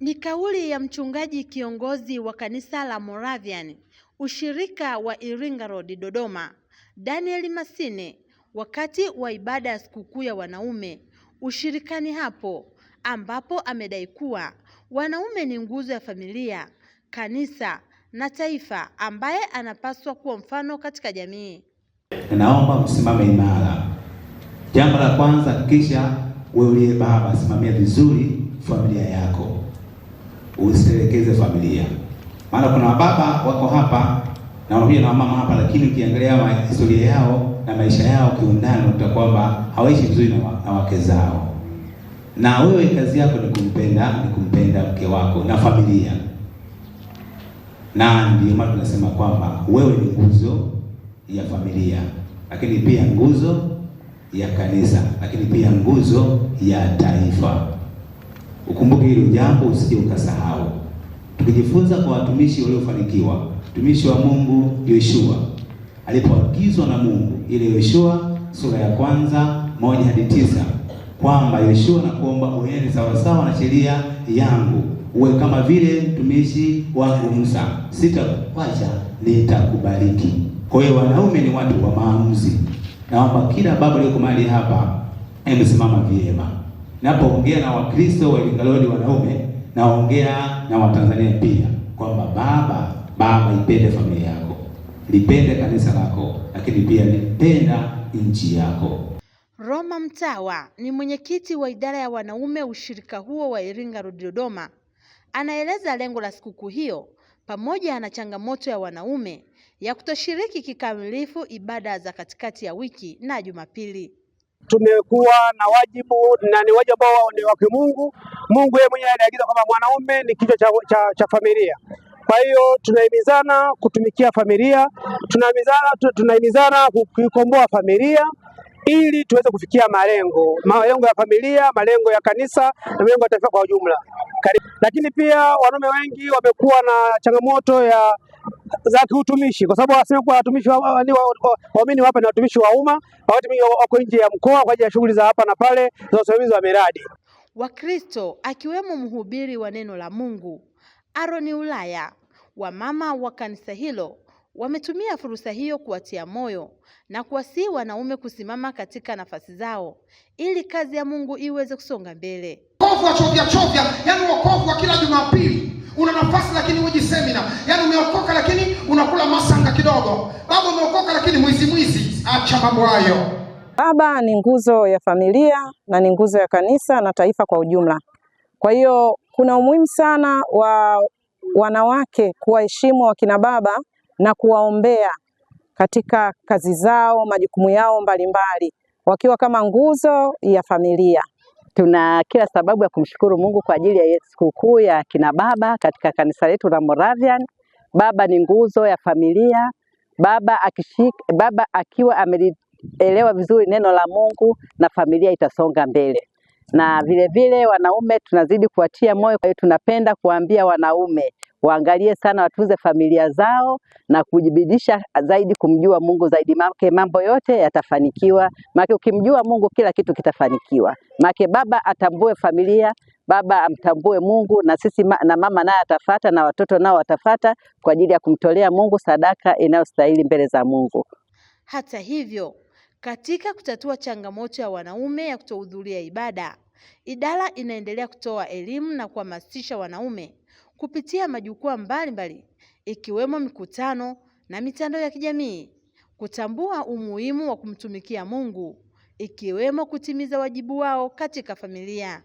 Ni kauli ya mchungaji kiongozi wa kanisa la Moravian ushirika wa Iringa Road Dodoma, Daniel Masine wakati wa ibada ya sikukuu ya wanaume ushirikani hapo, ambapo amedai kuwa wanaume ni nguzo ya familia, kanisa na taifa, ambaye anapaswa kuwa mfano katika jamii. Naomba msimame imara. Jambo la kwanza, kisha wewe uliye baba, simamia vizuri familia yako usitelekeze familia, maana kuna baba wako hapa na wapia na mama hapa, lakini ukiangalia historia yao na maisha yao kiundani, utakuta kwamba hawaishi vizuri na wake zao. Na wewe kazi yako ni kumpenda, ni kumpenda mke wako na familia, na ndio maana tunasema kwamba wewe ni nguzo ya familia, lakini pia nguzo ya kanisa, lakini pia nguzo ya taifa. Ukumbuke hilo jambo, usije ukasahau. Tukijifunza kwa watumishi waliofanikiwa, mtumishi wa Mungu Yoshua alipoagizwa na Mungu ile Yoshua sura ya kwanza moja hadi tisa kwamba Yoshua, nakuomba uende sawasawa na sheria yangu, uwe kama vile mtumishi wangu Musa, sitakukwacha, nitakubariki. Kwa hiyo wanaume ni watu wa maamuzi. Naomba kila baba yuko mahali hapa, hebu simama vyema. Napoongea na Wakristo wa Ilingaloli wanaume, naongea na Watanzania pia kwamba baba baba, ipende familia yako, lipende kanisa lako, lakini pia lipenda nchi yako. Roma Mtawa ni mwenyekiti wa idara ya wanaume ushirika huo wa Iringa Road Dodoma, anaeleza lengo la sikukuu hiyo pamoja na changamoto ya wanaume ya kutoshiriki kikamilifu ibada za katikati ya wiki na Jumapili tumekuwa na wajibu na ni wajibu ambao ni wa kimungu. Mungu yeye mwenyewe aliagiza kwamba mwanaume ni kichwa cha, cha, cha familia. Kwa hiyo tunahimizana kutumikia familia, tunahimizana tunahimizana kuikomboa familia ili tuweze kufikia malengo malengo ya familia, malengo ya kanisa na malengo ya taifa kwa ujumla. Lakini pia wanaume wengi wamekuwa na changamoto ya za kiutumishi kwa sababu kwa watumishi waamini hapa ni watumishi wa umma wako nje ya mkoa kwa ajili ya shughuli za hapa na pale za usimamizi wa miradi. Wakristo akiwemo mhubiri wa neno la Mungu Aroni Ulaya wa mama wa kanisa hilo Wametumia fursa hiyo kuwatia moyo na kuwasihi wanaume kusimama katika nafasi zao ili kazi ya Mungu iweze kusonga mbele. Wokovu wa chovya chovya, yani wokovu wa kila Jumapili una nafasi lakini huji semina, yani umeokoka lakini unakula masanga kidogo, baba umeokoka lakini mwizi mwizi. Acha mambo hayo. Baba ni nguzo ya familia na ni nguzo ya kanisa na taifa kwa ujumla. Kwa hiyo kuna umuhimu sana wa wanawake kuwaheshimu wakina baba na kuwaombea katika kazi zao, majukumu yao mbalimbali, wakiwa kama nguzo ya familia. Tuna kila sababu ya kumshukuru Mungu kwa ajili ya sikukuu ya kina baba katika kanisa letu la Moravian. Baba ni nguzo ya familia. Baba akishik, baba akiwa amelielewa vizuri neno la Mungu na familia itasonga mbele, na vilevile vile wanaume tunazidi kuwatia moyo. Kwa hiyo tunapenda kuwaambia wanaume waangalie sana, watunze familia zao na kujibidisha zaidi kumjua Mungu zaidi, make mambo yote yatafanikiwa. Make ukimjua Mungu kila kitu kitafanikiwa. Make baba atambue familia, baba amtambue Mungu, na sisi na mama naye atafata na watoto nao watafata kwa ajili ya kumtolea Mungu sadaka inayostahili mbele za Mungu. Hata hivyo, katika kutatua changamoto ya wanaume ya kutohudhuria ibada, idara inaendelea kutoa elimu na kuhamasisha wanaume kupitia majukwaa mbalimbali ikiwemo mikutano na mitandao ya kijamii kutambua umuhimu wa kumtumikia Mungu ikiwemo kutimiza wajibu wao katika familia.